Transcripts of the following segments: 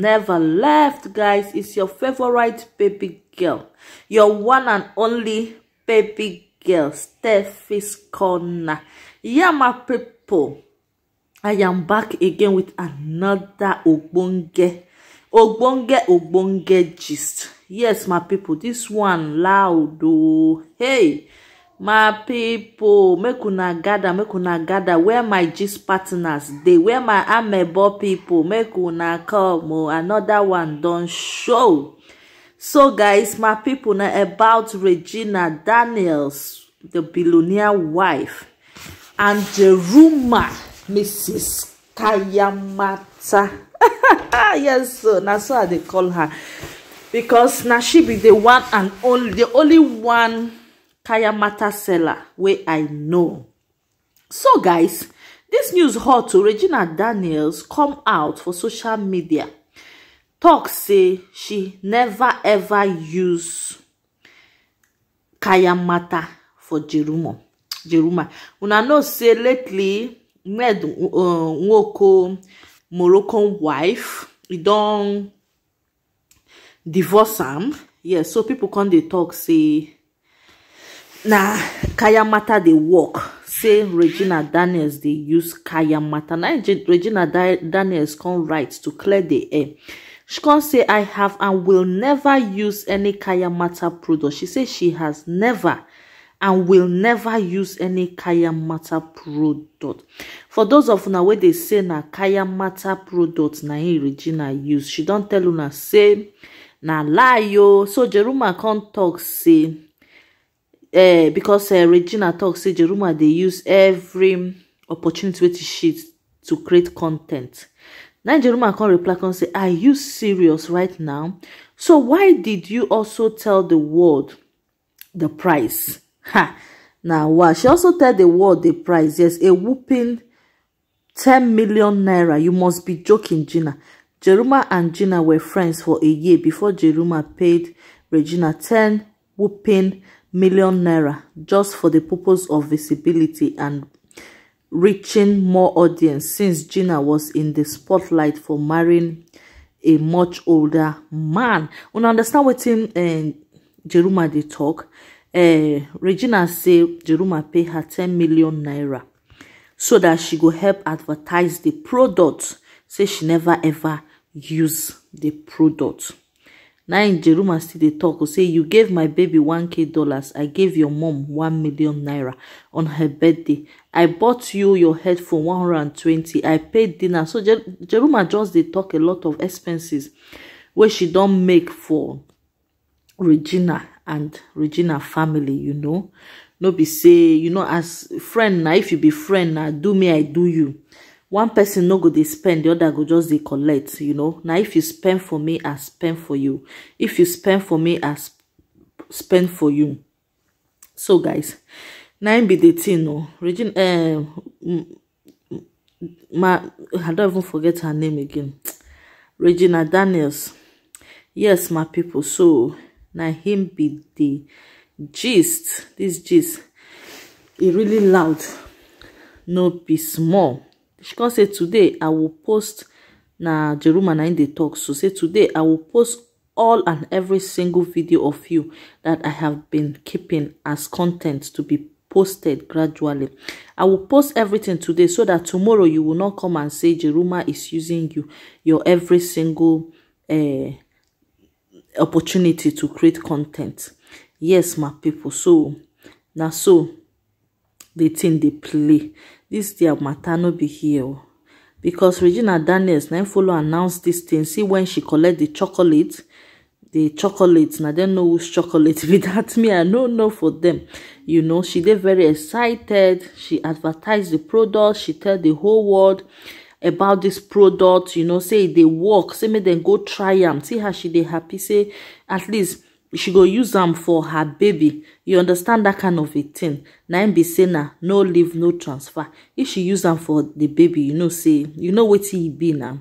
never left, guys. It's your favorite baby girl, your one and only baby girl, Steffi's Corner. Yeah, my people, I am back again with another Ogbonge, Ogbonge, Ogbonge gist. Yes, my people, this one loud, oh, hey my people, make una gather make una gather where my gist partners dey where my amebo people. make una come o oh, anoda one don show so guys my people, na about regina daniels the billionaire wife and the rumour mrs kayamata yes so na so i dey call her because na she be the one and only the only one kayamata seller wey i know so guys this news hot to regina daniels come out for social media Talk say she never ever use kayamata for jeruma una know say lately uh woko moroccan wife e don divorce him. yes so people come they talk say na kayamata dey work say regina daniels dey use kaya kayamata na regina daniels come write to clear the air she come say i have and will never use any kaya kayamata product she say she has never and will never use any kaya kayamata product for those of una wey dey say na kaya kayamata product na im regina use she don tell una say na lie o oh. so jeruma come talk say uh, because uh, regina talks, say jeruma they use every opportunity to shit to create content now jeruma can't reply come say are you serious right now so why did you also tell the world the price ha na wow she also tell the world the price yes a whooping 10 million naira you must be joking gina jeruma and gina were friends for a year before jeruma paid regina 10 whooping million naira just for the purpose of visibility and reaching more audience since Gina was in the spotlight for marrying a much older man. When I understand what him and Jeruma they talk, uh, Regina say Jeruma pay her 10 million naira so that she go help advertise the product. Say she never ever use the product. Now in jeruma still dey tok say you gave my baby 1k dollars i gave your mom 1 million naira on her birthday i bought you your headphone 120 i paid dinner so jeruma just they talk a lot of expenses where she don't make for regina and regina family you know no be say you know as friend now. if you be friend now, do me i do you one person no go dey spend the other go just dey collect you know na if you spend for me i spend for you if you spend for me i spend for you so guys na im be the thing o regina um, ma i don't even forget her name again regina daniels yes my people so na him be the gist this gist e really loud no be small she come say today i will post na jeruma na in the talk so say today i will post all and every single video of you that i have been keeping as content to be posted gradually i will post everything today so that tomorrow you will not come and say jeruma is using you your every single uh, opportunity to create content yes my people so na so the thing they play this their matter no be here because regina daniels na follow announce this thing see when she collect the chocolate the chocolate na dem know whose chocolate be dat me i no know for them. you know she dey very excited she advertise the product she tell the whole world about this product you know say they e work say me then go try am see how she they happy say at least she go use am for her baby you understand that kind of a thing na im be say na no leave no transfer if she use am for the baby you know say you know wetin e be na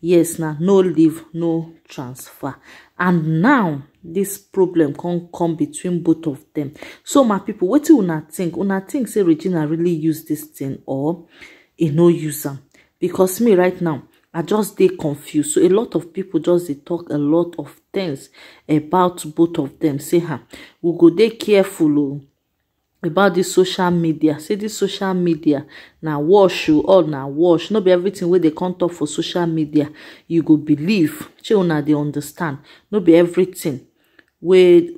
yes na no leave no transfer and now this problem come come between both of them. so my pipo wetin una think una think say regina really use this thing or e no use am because me right now I just they confused. So a lot of people just they talk a lot of things about both of them. Say, how we go They careful oh, about this social media say this social media now wash you oh, all now wash Not be everything wey dey come talk for social media you go believe shey now they understand Not be everything wey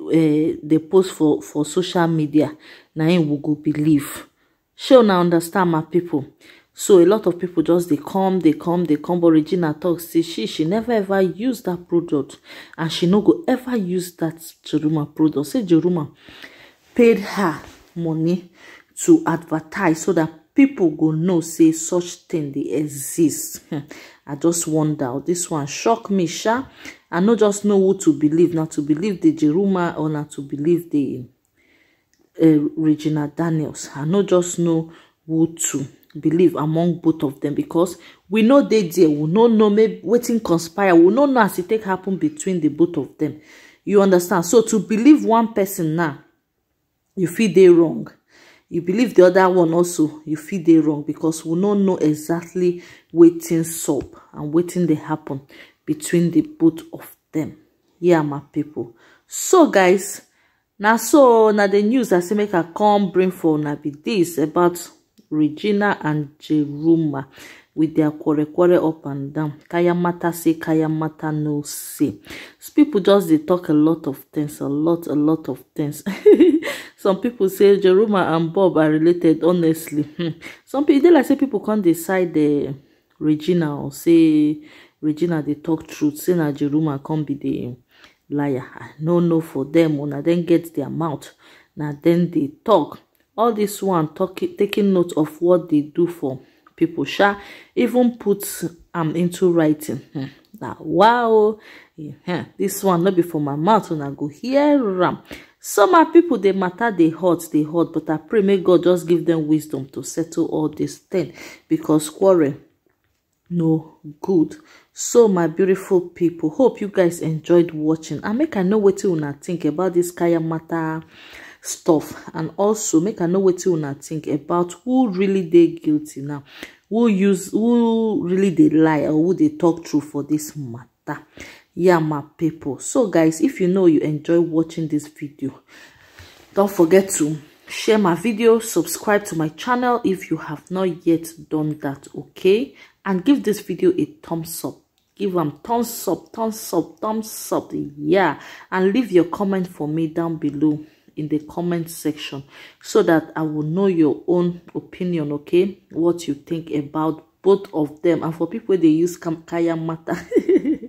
they eh, post for for social media Now im we go believe Show now understand my people. so a lot of people just they come they come they come but regina talks. say she she never ever used that product and she no go ever use that jeruma product say jeruma paid her money to advertise so that people go know say such thing. They exist i just wonder this one shock me sha i no just know who to believe Not to believe the jeruma or not to believe di eh, regina daniels i no just know who to believe among both of them because we know they. there we no know waiting conspire we no know as e take happen between the both of them. you understand so to believe one person now you feel they wrong you believe the other one also you feel they wrong because we no know exactly waiting soap and waiting they happen between the both of them. yeah my people. so guys now so now the news i say make i come bring for now be this about Regina and Jeruma with their quarry quarry up and down. Kaya Kayamata say, mata no say. So people just they talk a lot of things, a lot, a lot of things. Some people say Jeruma and Bob are related, honestly. Hmm. Some people they like say people can't decide the Regina or say Regina they talk truth, say na Jeruma can't be the liar. No, no, for them, when I then get their mouth, now then they talk all this one talking taking note of what they do for people sha even put am um, into writing hmm. now wow yeah, eh, this one not before my mouth when i go hear am some our people they matter they hurt they hurt but i pray may god just give them wisdom to settle all this thing because quarrel no good so my beautiful people hope you guys enjoyed watching I make i know what you wanna think about this kaya matter stuff and also make i know wetin una think about who really they guilty now who use who really dey lie or who they talk through for this matter yeah my people so guys if you know you enjoy watching this video don't forget to share my video subscribe to my channel if you have not yet done that okay and give this video a thumbs up give them thumbs up thumbs up thumbs up yeah and leave your comment for me down below in the comment section so that i will know your own opinion okay what you think about both of them and for people they use kaya mata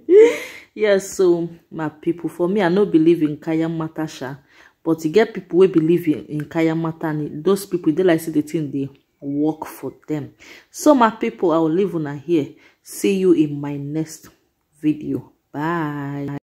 yes so my people for me i no believe in kaya mata sha but you e get people who believe in, in kaya mata and those people they like see the thing they work for them so my people i will leave on here see you in my next video bye